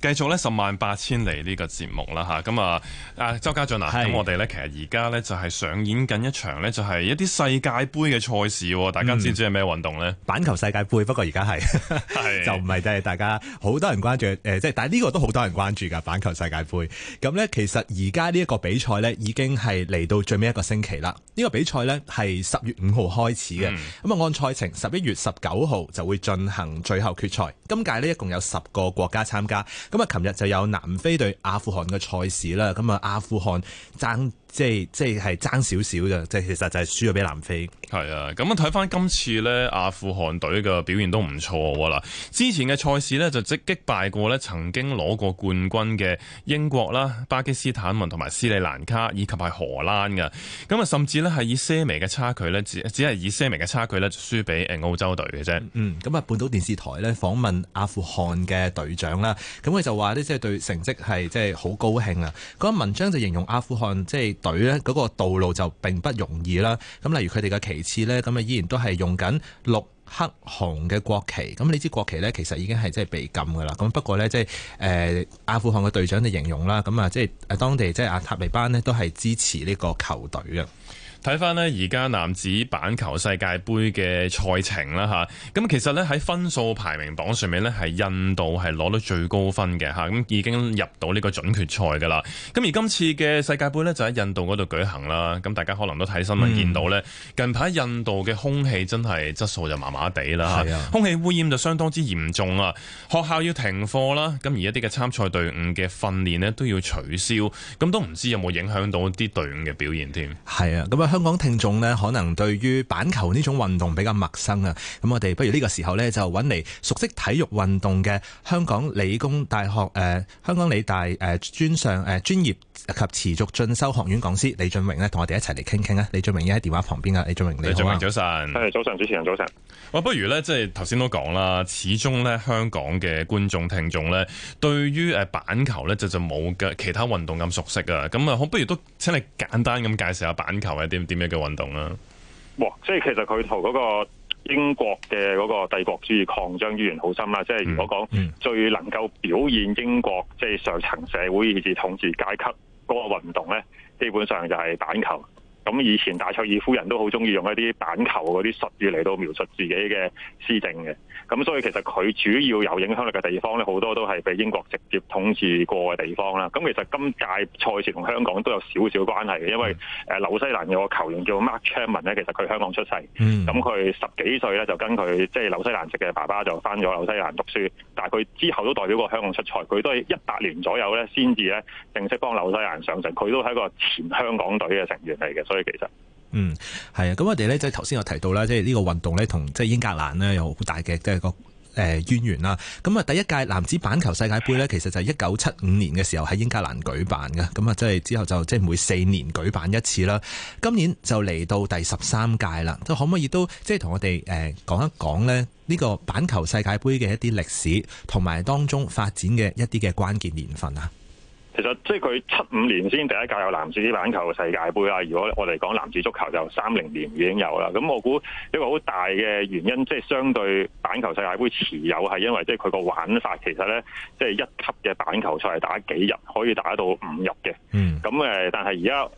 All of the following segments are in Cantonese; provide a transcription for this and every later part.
繼續咧十萬八千里呢個節目啦吓，咁啊啊周家俊啊，咁是我哋咧其實而家咧就係、是、上演緊一場咧，就係、是、一啲世界盃嘅賽事，大家知唔知係咩運動咧、嗯？板球世界盃，不過而家係就唔係，即係大家好多人關注誒，即、呃、係但呢個都好多人關注噶板球世界盃。咁咧其實而家呢一個比賽咧已經係嚟到最尾一個星期啦。呢、這個比賽咧係十月五號開始嘅，咁啊、嗯、按賽程十一月十九號就會進行最後決賽。今屆呢，一共有十個國家參加。咁啊！琴日就有南非對阿富汗嘅賽事啦，咁啊阿富汗爭。即係即係係爭少少嘅，即係其實就係輸咗俾南非。係啊，咁啊睇翻今次咧，阿富汗隊嘅表現都唔錯啦。之前嘅賽事呢，就即擊敗過呢曾經攞過冠軍嘅英國啦、巴基斯坦文同埋斯里蘭卡，以及係荷蘭㗎。咁啊，甚至呢係以些微嘅差距呢，只只係以些微嘅差距呢，就輸俾誒澳洲隊嘅啫。嗯，咁啊，半島電視台呢訪問阿富汗嘅隊長啦，咁佢就話呢即係對成績係即係好高興啊。嗰個文章就形容阿富汗即係咧嗰個道路就並不容易啦，咁例如佢哋嘅旗幟咧，咁啊依然都係用緊綠黑紅嘅國旗，咁你知國旗咧其實已經係即係被禁噶啦，咁不過咧即係阿富汗嘅隊長就形容啦，咁啊即係當地即係阿塔利班呢，都係支持呢個球隊嘅。睇翻呢，而家男子板球世界盃嘅賽程啦吓，咁其實呢，喺分數排名榜上面呢，係印度係攞到最高分嘅吓，咁已經入到呢個準決賽噶啦。咁而今次嘅世界盃呢，就喺印度嗰度舉行啦，咁大家可能都睇新聞見到呢，嗯、近排印度嘅空氣真係質素就麻麻地啦，啊、空氣污染就相當之嚴重啊，學校要停課啦，咁而一啲嘅參賽隊伍嘅訓練呢，都要取消，咁都唔知有冇影響到啲隊伍嘅表現添。係啊，咁啊。香港聽眾呢，可能對於板球呢種運動比較陌生啊。咁我哋不如呢個時候呢，就揾嚟熟悉體育運動嘅香港理工大學誒、呃，香港理大誒專上誒專業及持續進修學院講師李峻嶸呢，同我哋一齊嚟傾傾啊。李峻嶸已喺電話旁邊啊，李峻嶸你李峻，啊、早晨。早上，主持人早晨。哇、啊，不如呢，即係頭先都講啦，始終呢，香港嘅觀眾聽眾呢，對於誒板球呢，就就冇嘅其他運動咁熟悉啊。咁啊，不如都請你簡單咁介紹下板球點樣嘅運動啊？即係其實佢同嗰個英國嘅嗰個帝國主義擴張淵源好深啦。即係如果講最能夠表現英國即係、嗯、上層社會以至統治階級嗰個運動咧，基本上就係板球。咁以前大塞爾夫人都好中意用一啲板球嗰啲術語嚟到描述自己嘅施政嘅，咁所以其實佢主要有影響力嘅地方咧，好多都係被英國直接統治過嘅地方啦。咁其實今屆賽事同香港都有少少關係嘅，因為誒紐西蘭有個球員叫做 Mark Chapman 咧，其實佢香港出世，咁佢十幾歲咧就跟佢即係紐西蘭籍嘅爸爸就翻咗紐西蘭讀書，但佢之後都代表過香港出賽，佢都係一八年左右咧先至咧正式幫紐西蘭上陣，佢都係一個前香港隊嘅成員嚟嘅，所以。其實，嗯，係啊，咁我哋咧即係頭先有提到啦，即係呢個運動咧同即係英格蘭咧有好大嘅即係個誒淵源啦。咁啊，第一屆男子板球世界盃咧，其實就係一九七五年嘅時候喺英格蘭舉辦嘅。咁啊，即係之後就即係每四年舉辦一次啦。今年就嚟到第十三屆啦。咁可唔可以都即係同我哋誒講一講咧呢個板球世界盃嘅一啲歷史同埋當中發展嘅一啲嘅關鍵年份啊？其實即係佢七五年先第一屆有男子板球世界盃啦。如果我哋講男子足球就三零年已經有啦。咁我估一個好大嘅原因，即係相對板球世界盃持有係因為即係佢個玩法其實呢，即係一級嘅板球賽係打幾日，可以打到五日嘅。咁、mm. 嗯、但係而家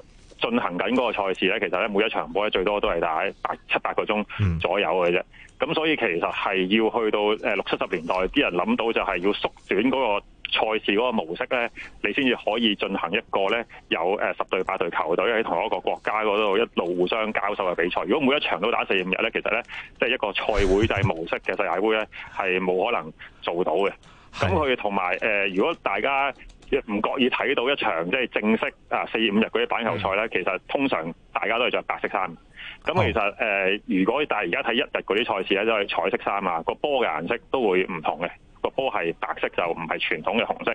進行緊嗰個賽事呢，其實呢，每一場波咧最多都係打八七八個鐘左右嘅啫。咁、mm. 嗯、所以其實係要去到誒六七十年代，啲人諗到就係要縮短嗰個。賽事嗰個模式咧，你先至可以進行一個咧有誒十隊八隊球隊喺同一個國家嗰度一路互相交手嘅比賽。如果每一場都打四五日咧，其實咧即係一個賽會制模式嘅世界盃咧，係冇可能做到嘅。咁佢同埋誒，如果大家唔覺意睇到一場即係、就是、正式啊四五日嗰啲板球賽咧，的其實通常大家都係着白色衫。咁、哦、其實誒、呃，如果但係而家睇一日嗰啲賽事咧，都、就、係、是、彩色衫啊，個波嘅顏色都會唔同嘅，都係白色就唔係傳統嘅紅色，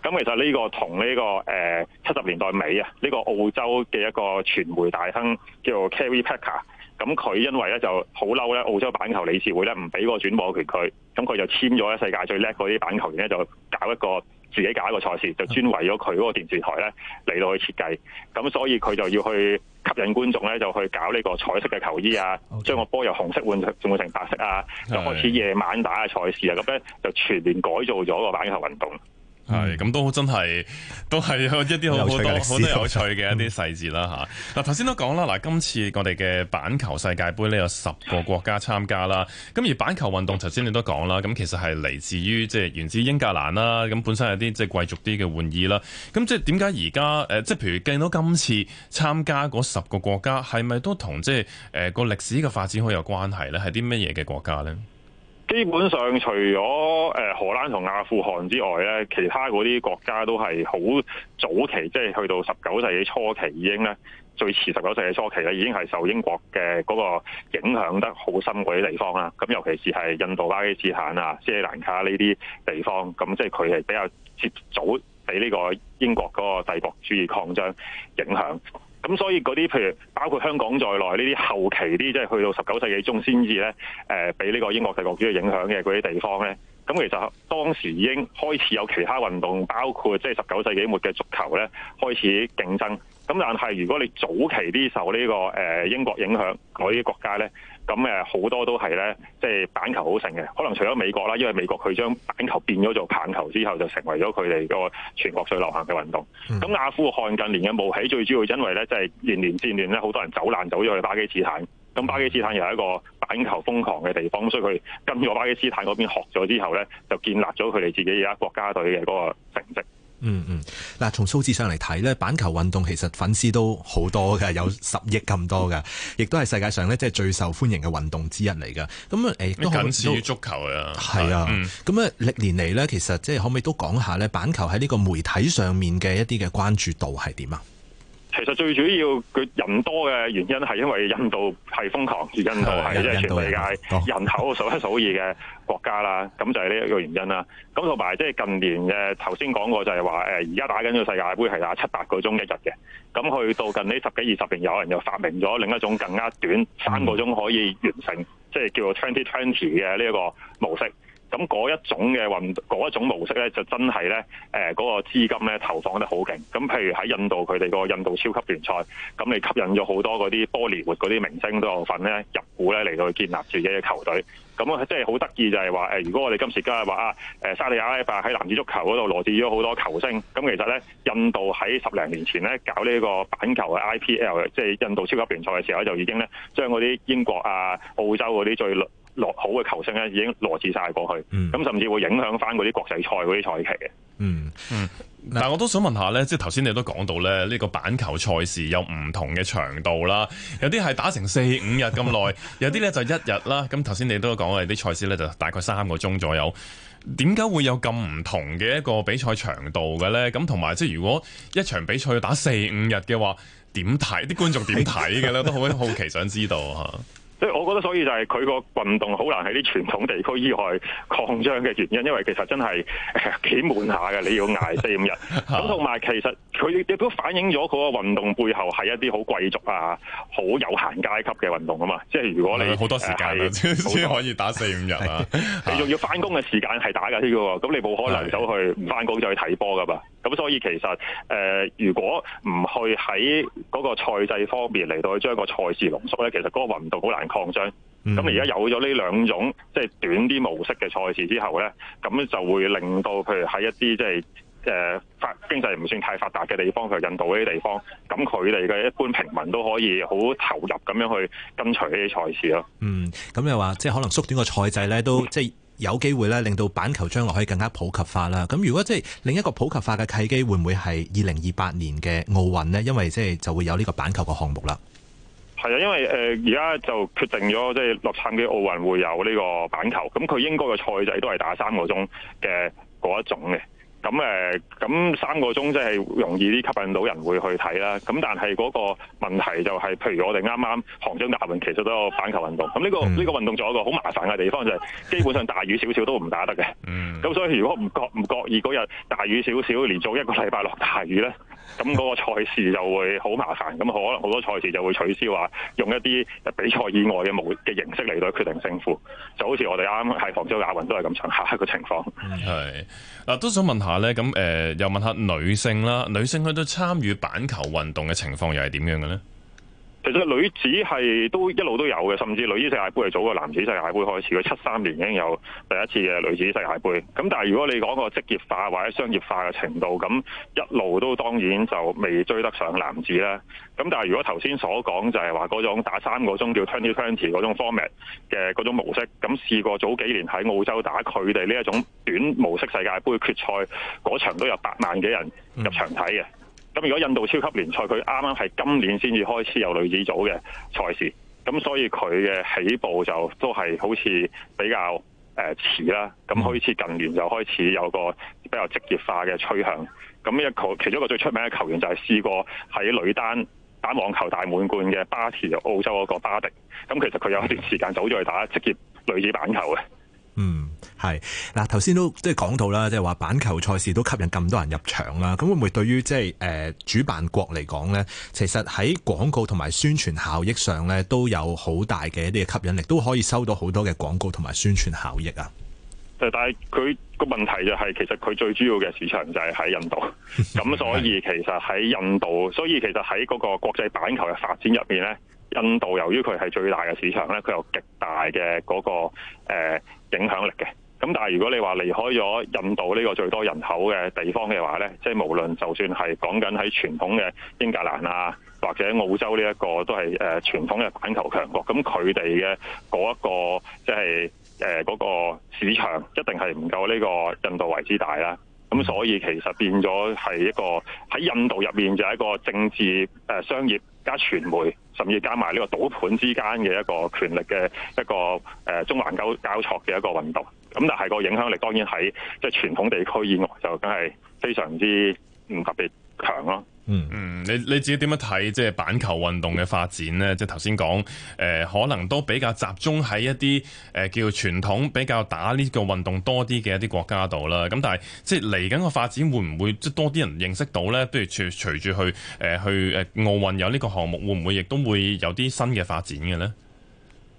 咁其實呢個同呢個誒七十年代尾啊，呢個澳洲嘅一個傳媒大亨叫做 Kerry Packer，咁佢因為咧就好嬲咧澳洲板球理事會咧唔俾個轉播權佢，咁佢就簽咗咧世界最叻嗰啲板球員咧就搞一個。自己搞一個賽事，就專為咗佢嗰個電視台咧嚟到去設計，咁所以佢就要去吸引觀眾咧，就去搞呢個彩色嘅球衣啊，將 Okay. 個波由紅色換，換成白色啊，就開始夜晚打嘅賽事啊，咁咧 Yeah. 就全面改造咗個板球運動。係，咁、嗯、都真係，都係有一啲好好多好有趣嘅一啲細節啦嚇。嗱、嗯啊，頭先都講啦，嗱，今次我哋嘅板球世界盃呢，有十個國家參加啦。咁而板球運動頭先你都講啦，咁其實係嚟自於即係、就是、源自英格蘭啦，咁本身有啲即係貴族啲嘅玩意啦。咁即係點解而家即係譬如計到今次參加嗰十個國家，係咪都同即係誒個歷史嘅發展好有關係咧？係啲咩嘢嘅國家咧？基本上除咗誒荷蘭同阿富汗之外咧，其他嗰啲國家都係好早期，即係去到十九世紀初期已經咧，最遲十九世紀初期咧已經係受英國嘅嗰個影響得好深嗰啲地方啦。咁尤其是係印度、巴基斯坦啊、斯里蘭卡呢啲地方，咁即係佢係比較接早俾呢個英國嗰個帝國主義擴張影響。咁所以嗰啲譬如包括香港在內呢啲後期啲即係去到十九世紀中先至咧，誒俾呢個英國帝國主義影響嘅嗰啲地方咧，咁其實當時已經開始有其他運動，包括即係十九世紀末嘅足球咧，開始競爭。咁但係如果你早期啲受呢個誒英國影響嗰啲國家咧，咁好多都係咧，即係板球好盛嘅。可能除咗美國啦，因為美國佢將板球變咗做棒球之後，就成為咗佢哋個全國最流行嘅運動。咁阿富汗近年嘅冒起，最主要是因為咧，即係連年戰亂咧，好多人走難走咗去巴基斯坦。咁巴基斯坦又係一個板球瘋狂嘅地方，所以佢跟咗巴基斯坦嗰邊學咗之後咧，就建立咗佢哋自己而家國家隊嘅嗰個成績。嗯嗯，嗱、嗯，從數字上嚟睇咧，板球運動其實粉絲都好多㗎，有十億咁多㗎，亦都係世界上咧即係最受歡迎嘅運動之一嚟㗎。咁、嗯欸、啊，誒、嗯，都僅次於足球啊，係啊。咁啊，歷年嚟咧，其實即係可唔可以都講下咧，板球喺呢個媒體上面嘅一啲嘅關注度係點啊？其實最主要佢人多嘅原因係因為印度係瘋狂，印度係的即係全世界人口數一數二嘅國家啦，咁 就係呢一個原因啦。咁同埋即係近年嘅頭先講過就係話誒，而家打緊個世界盃係打七八個鐘一日嘅，咁去到近呢十幾二十年，有人又發明咗另一種更加短，三個鐘可以完成，嗯、即係叫做 Twenty Twenty 嘅呢一個模式。咁嗰一種嘅運嗰一種模式咧，就真係咧，誒、呃、嗰、嗰個資金咧投放得好勁。咁譬如喺印度，佢哋個印度超級聯賽，咁你吸引咗好多嗰啲波里活嗰啲明星都有份咧入股咧嚟到去建立自己嘅球隊。咁即係好得意就係話、呃、如果我哋今時今日話啊，沙地阿拉伯喺男子足球嗰度羅致咗好多球星，咁其實咧印度喺十零年前咧搞呢個板球嘅 IPL，即係印度超級聯賽嘅時候，就已經咧將嗰啲英國啊、澳洲嗰啲最落好嘅球星咧，已經羅致晒過去，咁甚至會影響翻嗰啲國際賽嗰啲賽期嘅。嗯嗯，但係我都想問下呢，即係頭先你都講到呢呢個板球賽事有唔同嘅長度啦，有啲係打成四五日咁耐， 有啲呢就一日啦。咁頭先你都講話啲賽事呢就大概三個鐘左右，點解會有咁唔同嘅一個比賽長度嘅呢？咁同埋即係如果一場比賽要打四五日嘅話，點睇啲觀眾點睇嘅咧？ 都好好奇想知道吓。所我覺得所以就係佢個運動好難喺啲傳統地區以外擴張嘅原因，因為其實真係誒幾悶下嘅，你要挨四五日。咁同埋其實佢亦都反映咗嗰個運動背後係一啲好貴族啊、好有閒階級嘅運動啊嘛。即、就、係、是、如果你好多時間先、啊、是 可以打四五日啊， 你仲要翻工嘅時間係打㗎呢個，咁你冇可能走去唔翻工就去睇波㗎嘛。咁所以其實誒、呃、如果唔去喺嗰個賽制方面嚟到去將個賽事濃縮咧，其實嗰個運動好難擴張。咁而家有咗呢兩種即係、就是、短啲模式嘅賽事之後咧，咁就會令到譬如喺一啲即係誒發經濟唔算太發達嘅地方，譬如印度嗰啲地方，咁佢哋嘅一般平民都可以好投入咁樣去跟隨呢啲賽事咯。嗯，咁又話即係可能縮短個賽制咧，都即係。嗯有機會咧，令到板球將來可以更加普及化啦。咁如果即係另一個普及化嘅契機，會唔會係二零二八年嘅奧運呢？因為即係就會有呢個板球嘅項目啦。係啊，因為誒而家就決定咗，即係洛杉磯奧運會有呢個板球。咁佢應該嘅賽制都係打三個鐘嘅嗰一種嘅。咁誒，咁三、呃、個鐘即係容易啲吸引到人會去睇啦。咁但係嗰個問題就係、是，譬如我哋啱啱杭州亞運其實都係板球運動。咁呢、這個呢、嗯、個運動仲有一個好麻煩嘅地方，就係、是、基本上大雨少少都唔打得嘅。咁、嗯、所以如果唔覺唔覺意嗰日大雨少少，連續一個禮拜落大雨呢。咁嗰 個賽事就會好麻煩，咁可能好多賽事就會取消，話用一啲比賽以外嘅模嘅形式嚟到決定勝負，就好似我哋啱啱喺杭州亞運都係咁上下一個情況。嗱、嗯，都想問下呢，咁、呃、又問下女性啦，女性佢都參與板球運動嘅情況又係點樣嘅呢？其實女子係都一路都有嘅，甚至女子世界盃係早過男子世界盃開始。佢七三年已經有第一次嘅女子世界盃。咁但係如果你講個職業化或者商業化嘅程度，咁一路都當然就未追得上男子啦。咁但係如果頭先所講就係話嗰種打三個鐘叫 Twenty Twenty 嗰種 format 嘅嗰種模式，咁試過早幾年喺澳洲打佢哋呢一種短模式世界盃決賽嗰場都有八萬幾人入場睇嘅。嗯咁如果印度超級聯賽佢啱啱係今年先至開始有女子組嘅賽事，咁所以佢嘅起步就都係好似比較誒遲啦。咁開始近年就開始有個比較職業化嘅趨向。咁一球其中一個最出名嘅球員就係試過喺女單打網球大滿貫嘅巴士，澳洲嗰個巴迪。咁其實，佢有一段時間走咗去打職業女子板球嘅。嗯，係嗱，頭先都即係講到啦，即係話板球賽事都吸引咁多人入場啦。咁會唔會對於即係誒主辦國嚟講呢？其實喺廣告同埋宣傳效益上呢，都有好大嘅一啲吸引力，都可以收到好多嘅廣告同埋宣傳效益啊。但係佢個問題就係、是，其實佢最主要嘅市場就係喺印度。咁 所以其實喺印度，所以其實喺嗰個國際板球嘅發展入面呢。印度由於佢係最大嘅市場咧，佢有極大嘅嗰、那個、呃、影響力嘅。咁但係如果你話離開咗印度呢個最多人口嘅地方嘅話咧，即、就、係、是、無論就算係講緊喺傳統嘅英格蘭啊，或者澳洲呢、這、一個都係誒、呃、傳統嘅板球強國，咁佢哋嘅嗰一個即係誒嗰個市場一定係唔夠呢個印度為之大啦。咁所以其實變咗係一個喺印度入面就係一個政治誒、呃、商業。加傳媒，甚至加埋呢個賭盤之間嘅一個權力嘅一個誒縱橫交交錯嘅一個運動。咁但係個影響力當然喺即係傳統地區以外就梗係非常之唔特別強咯。嗯，你你自己點樣睇即係板球運動嘅發展呢？即係頭先講誒，可能都比較集中喺一啲誒、呃、叫傳統比較打呢個運動多啲嘅一啲國家度啦。咁但係即係嚟緊嘅發展會唔會即多啲人認識到呢？不如隨住去誒、呃、去誒奧運有呢個項目，會唔會亦都會有啲新嘅發展嘅呢？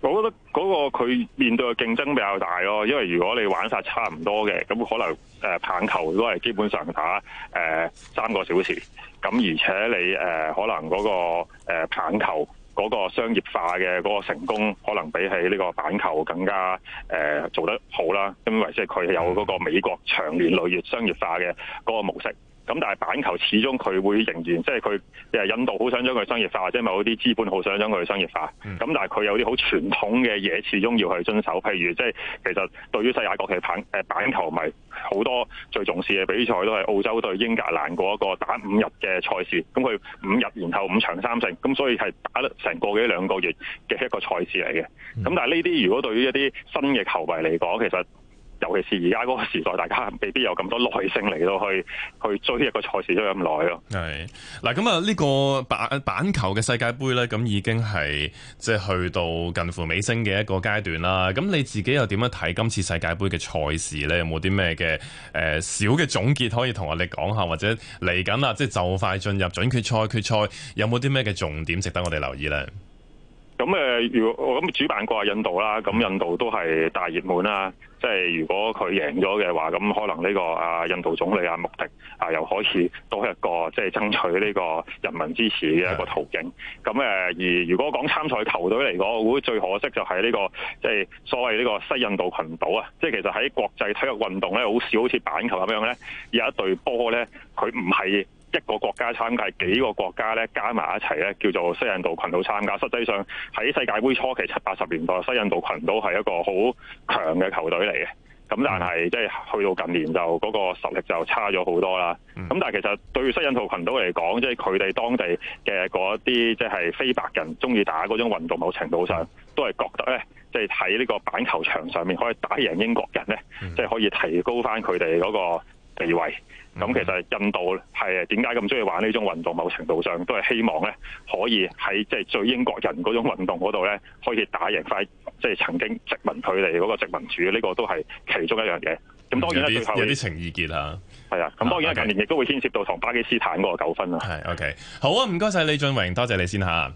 我覺得嗰個佢面對嘅競爭比較大咯，哦，因為如果你玩晒差唔多嘅，咁可能。誒棒球都係基本上打誒三個小時，咁而且你誒可能嗰個棒球嗰個商業化嘅嗰個成功，可能比起呢個板球更加誒做得好啦，因為即係佢有嗰個美國長年累月商業化嘅嗰個模式。咁但係板球始終佢會仍然，即係佢誒印度好想將佢商業化，或者某啲資本好想將佢商業化。咁但係佢有啲好傳統嘅嘢，始終要去遵守。譬如即係其實對於世界各嘅板板球迷，好多最重視嘅比賽都係澳洲對英格蘭嗰一個打五日嘅賽事。咁佢五日然後五場三勝，咁所以係打得成個幾兩個月嘅一個賽事嚟嘅。咁但係呢啲如果對於一啲新嘅球迷嚟講，其實尤其是而家嗰個時代，大家未必有咁多耐性嚟到去去追一個賽事都咁耐咯。係嗱，咁啊呢個板板球嘅世界盃呢，咁已經係即係去到近乎尾聲嘅一個階段啦。咁你自己又點樣睇今次世界盃嘅賽事呢？有冇啲咩嘅誒小嘅總結可以同我哋講下？或者嚟緊啊，即係就快進入準決賽決賽，有冇啲咩嘅重點值得我哋留意呢？咁誒，如果我咁主辦國係印度啦，咁印度都係大熱門啦。即係如果佢贏咗嘅話，咁可能呢個啊印度總理啊穆迪啊又可以多一個即係爭取呢個人民支持嘅一個途徑。咁誒、呃，而如果講參賽球隊嚟講，我估最可惜就係呢個即係所謂呢個西印度群島啊。即係其實喺國際體育運動咧，好少好似板球咁樣咧，有一隊波咧，佢唔係。一個國家參加幾個國家咧加埋一齊咧，叫做西印度群島參加。實際上喺世界盃初期七八十年代，西印度群島係一個好強嘅球隊嚟嘅。咁但係即係去到近年就嗰、嗰個實力就差咗好多啦。咁、mm. 但係其實對西印度群島嚟講，即係佢哋當地嘅嗰一啲即係非白人中意打嗰種運動，某程度上都係覺得咧，即係喺呢個板球場上面可以打贏英國人咧，即係、mm. 可以提高翻佢哋嗰個地位。咁、嗯、其實印度係點解咁中意玩呢種運動？某程度上都係希望咧，可以喺即係最英國人嗰種運動嗰度咧，可以打贏翻即係曾經殖民佢哋嗰個殖民主。呢、呢個都係其中一樣嘢。咁當然呢，有啲情意結對啊。係啊，咁當然 okay. 近年亦都會牽涉到同巴基斯坦嗰個糾紛啊。係 OK，好啊，唔該晒。李峻嶸，多謝你先嚇。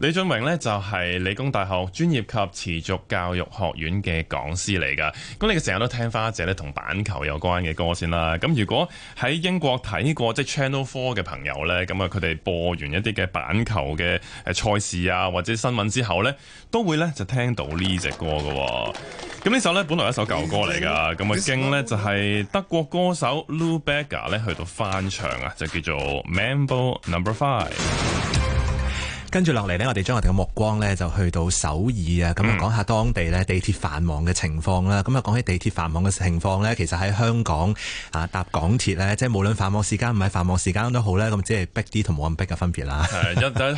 李峻嶸呢，就係、是、理工大學專業及持續教育學院嘅講師嚟噶，咁你成日都聽返一隻同板球有關嘅歌先啦。咁如果喺英國睇過即係、就是、Channel Four 嘅朋友呢，咁啊佢哋播完一啲嘅板球嘅誒賽事啊或者新聞之後呢，都會呢就聽到呢隻歌噶。咁呢首呢，本來一首舊歌嚟噶，咁啊經呢就係、是、德國歌手 Lou Bega 呢去到翻唱啊，就叫做 Mambo、no. Number Five。跟住落嚟呢，我哋將我哋嘅目光呢，就去到首爾啊，咁啊講下當地呢，地鐵繁忙嘅情況啦。咁啊講起地鐵繁忙嘅情況呢，其實喺香港啊搭港鐵呢，即係無論繁忙時間唔係繁忙時間都好呢，咁即係逼啲同冇咁逼嘅分別啦。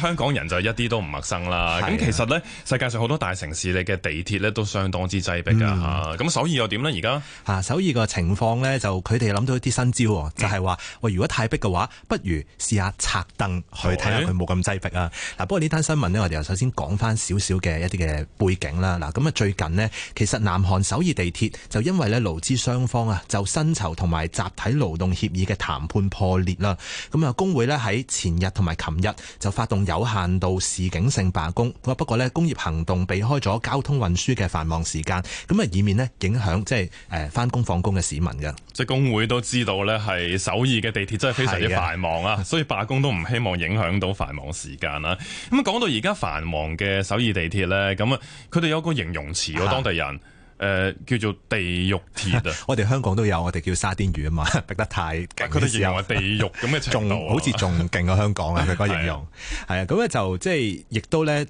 香港人就一啲都唔陌生啦。咁 其實呢，世界上好多大城市嘅地鐵呢，都相當之擠迫、嗯、啊。咁首爾又點呢？而家、啊、首爾個情況呢，就佢哋諗到一啲新招、喔，嗯、就係話：喂，如果太逼嘅話，不如試下拆櫈去睇下佢冇咁擠迫啊！不過呢單新聞呢，我哋又首先講翻少少嘅一啲嘅背景啦。嗱，咁啊最近呢，其實南韓首爾地鐵就因為咧勞資雙方啊就薪酬同埋集體勞動協議嘅談判破裂啦。咁啊，工會咧喺前日同埋琴日就發動有限度示警性罷工。不過呢，工業行動避開咗交通運輸嘅繁忙時間，咁啊，以免呢影響即係誒翻工放工嘅市民嘅。即係工會都知道呢，係首爾嘅地鐵真係非常之繁忙啊，的所以罷工都唔希望影響到繁忙時間啦。咁講講到而家繁忙嘅首爾地鐵咧，咁啊，佢哋有個形容詞喎，當地人誒是、呃、叫做地獄鐵啊。 我哋香港都有，我哋叫沙甸魚啊嘛，逼得太緊。佢哋形容話地獄咁嘅程度，仲好似仲勁過香港啊！佢 個形容係啊，咁咧是就即係亦都咧。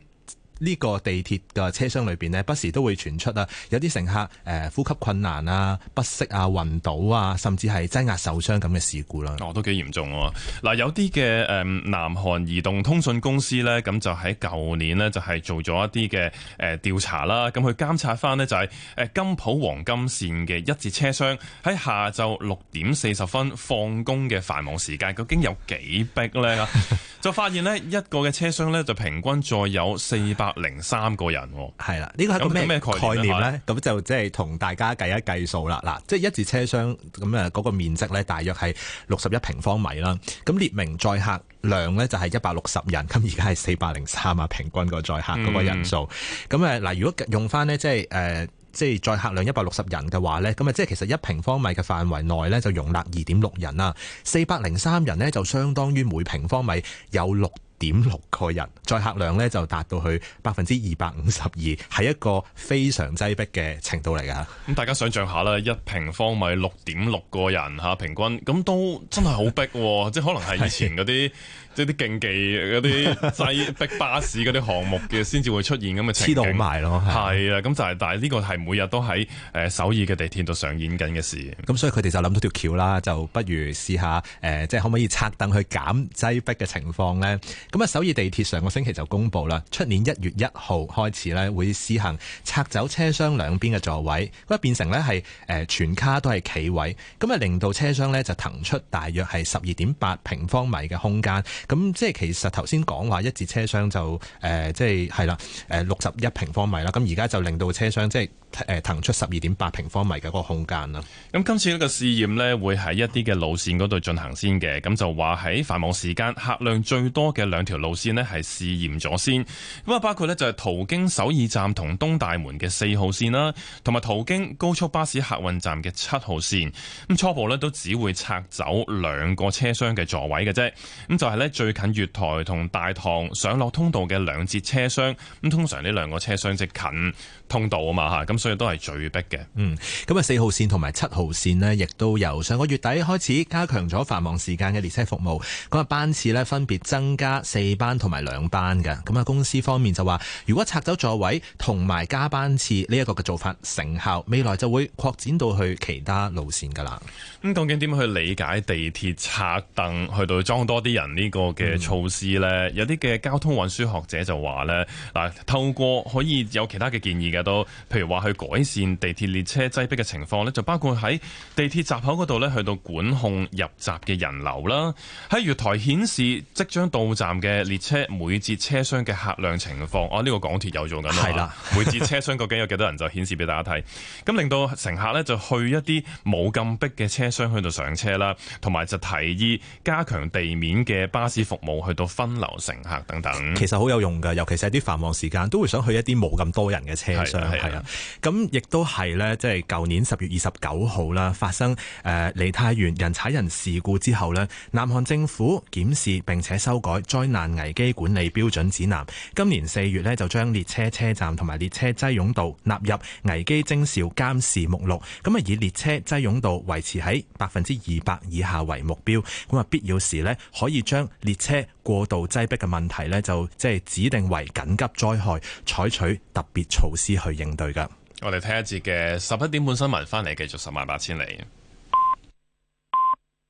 呢個地鐵嘅車廂裏面呢，不時都會傳出啊，有啲乘客呼吸困難啊、不適啊、暈倒啊，甚至係擠壓受傷咁嘅事故啦。哦，都幾嚴重喎、啊！嗱、啊，有啲嘅、嗯、南韓移動通訊公司呢，咁就喺舊年呢，就係、是、做咗一啲嘅誒調查啦。咁佢監察翻呢，就係金浦黃金線嘅一節車廂喺下晝六點四十分放工嘅繁忙時間究竟有幾逼呢？ 就發現呢一個嘅車廂呢，就平均載有四百零三個人喎，係啦，呢個係個咩概念咧？咁就即係同大家計一計數啦。嗱，即係一節車廂咁誒嗰個面積咧，大約係六十一平方米啦。咁列明載客量咧就係一百六十人，咁而家係四百零三啊，平均個載客嗰個人數。咁誒嗱，如果用翻咧，即係誒即係載客量一百六十人嘅話咧，咁誒即係其實一平方米嘅範圍內咧就容納二點六人啦。四百零三人咧就相當於每平方米有六點六個人，載客量咧就達到去百分之二百五十二，係一個非常擠逼嘅程度嚟噶。咁大家想象下啦，一平方米六點六個人吓，平均咁都真係好逼，即係 可能係以前嗰啲。即係啲競技嗰啲擠逼巴士嗰啲項目嘅，先至會出現咁嘅黐到埋咯。係啊，咁就係但係呢個係每日都喺誒首爾嘅地鐵度上演緊嘅事。咁所以佢哋就諗到條橋啦，就不如試下誒、呃，即係可唔可以拆凳去減擠逼嘅情況咧？咁啊，首爾地鐵上個星期就公佈啦，出年一月一號開始咧會試行拆走車廂兩邊嘅座位，咁啊變成咧係誒全卡都係企位，咁啊令到車廂咧就騰出大約係十二點八平方米嘅空間。咁即係其實頭先講話一節車廂就誒，即係係啦，誒六十一平方米啦。咁而家就令到車廂即係，就是誒騰出十二點八平方米嘅一個空間啦。咁今次呢個試驗呢，會喺一啲嘅路線嗰度進行先嘅。咁就話喺繁忙時間客量最多嘅兩條路線呢，係試驗咗先。咁啊，包括呢，就係途經首爾站同東大門嘅四號線啦，同埋途經高速巴士客運站嘅七號線。咁初步呢都只會拆走兩個車廂嘅座位嘅啫。咁就係呢，最近月台同大堂上落通道嘅兩節車廂。咁通常呢兩個車廂即近通道啊嘛嚇。咁所以都係最逼嘅。嗯，咁啊，四號線同埋七號線咧，亦都由上個月底開始加強咗繁忙時間嘅列車服務，咁啊，班次咧分別增加四班同埋兩班嘅。咁啊，公司方面就話如果拆走座位同埋加班次呢一個嘅做法成效，未來就會擴展到去其他路線噶啦，嗯。咁究竟點樣去理解地鐵拆凳去到裝多啲人呢個嘅措施咧？有啲嘅交通運輸學者就話咧，嗱，透過可以有其他嘅建議嘅都，譬如話去。改善地鐵列車擠迫嘅情況咧，就包括喺地鐵閘口嗰度咧，去到管控入閘嘅人流啦；喺月台顯示即將到站嘅列車每節車廂嘅客量情況。哦、啊，呢、呢個港鐵有做緊啊！啦，係啦，每節車廂究竟有幾多人就顯示俾大家睇。咁 令到乘客呢，就去一啲冇咁逼嘅車廂去到上車啦，同埋就提議加強地面嘅巴士服務，去到分流乘客等等。其實好有用㗎，尤其是啲繁忙時間，都會想去一啲冇咁多人嘅車廂係啊。咁亦都係咧，即係舊年十月二十九號啦，發生誒梨泰院人踩人事故之後呢，南韓政府檢視並且修改災難危機管理標準指南。今年四月呢，就將列車車站同埋列車擠擁度納入危機徵兆監視目錄。咁啊，以列車擠擁度維持喺百分之二百以下為目標。咁啊，必要時呢，可以將列車過度擠迫嘅問題呢，就即係指定為緊急災害，採取特別措施去應對嘅。我哋睇一節嘅十一點半新聞，翻嚟繼續十萬八千里。